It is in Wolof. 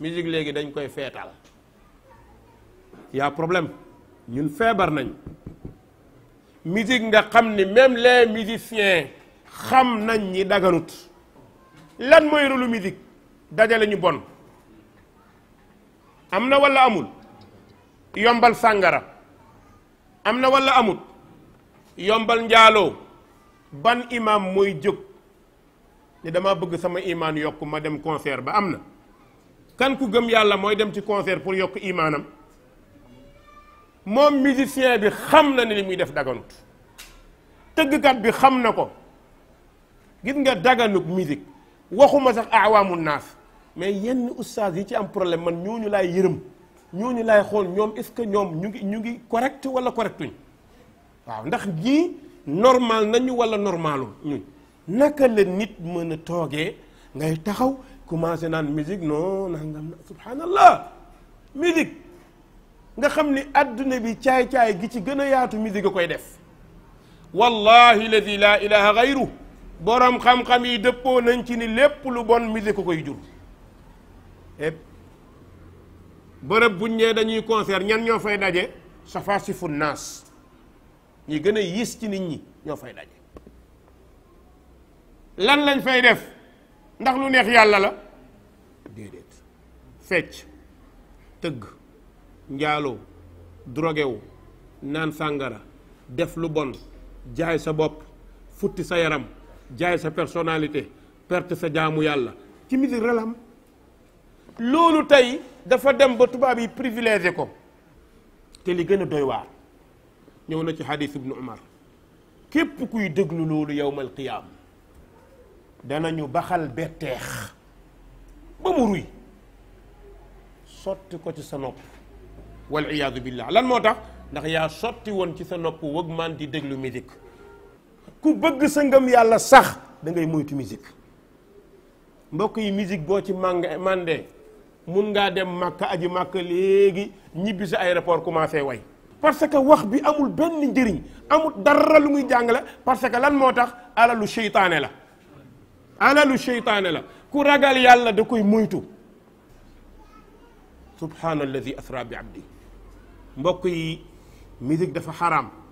musique léegi dañ koy feetal yaa problème ñun feebar nañ musique nga xam ni même lee musiciens xam nañ ñi daganut lan mooy rôle musique dajale ñu bon am na walla amul yombal sàngara am na walla amut yombal njaaloo ban imam mooy jóg ne damaa bëgg sama imaan yokk ma dem concert ba am na kan ku gëm yàlla mooy dem ci concert pour yokk imaanam moom musicien bi xam na ne li muy def daganut tëggkat bi xam na ko gis nga daganut musique waxuma sax awaamu naas mais yenn ustaas yi ci am problème man ñooñu laay yërëm ñooñu laay xool ñoom est-ce que ñoom ñu ngi ñu ngi correct wala correctuñ waaw ndax ñii normal nañu wala normalu ñuñ naka la nit mën a toogee ngay taxaw commencé naan musique non nangam na subhanallah musique nga xam ni adduna bi caay-caay gi ci gën a yaatu musique a koy def wallahi ladi laa ilaha gayru borom xam-xam yi dëppoo nañ ci ni lépp lu bon musique a koy jur et bërëb buñ ñee dañuy concert ñan ñoo fay daje safa si fu naas ñi gën a yis ci nit ñi ñoo fay daje lan lañ fay def ndax lu neex yàlla la dedet fetch teug njaaloo drogué nan sangara def lu bon jaay sa bop futti sa yaram jaay sa personnalité perte sa jaamu yalla ci musique relam lolu tay dafa dem ba tubaab yi privilégié ko te li gëna doy waar ñew na ci hadith ibn umar képp kuy déglu loolu yowmal danañu baxal ba mu ruy sotti ko ci sa nopp wal iyaadu billah lan moo tax ndax yaa sotti woon ci sa nopp wëg maan di déglu musique ku bëgg sa ngëm yàlla sax da ngay moytu musique mbokk yi musique boo ci mang mandee mun ngaa dem màkka aji màkka léegi ñibbi sa aéroport commencé way parce que wax bi amul benn njëriñ amul dara lu muy jàngale parce que lan moo tax alalu seytaane la alalu seytaane la كو راغال يالا داكوي سبحان الذي اثرى بعبدي مبوكي ميزيك دا حرام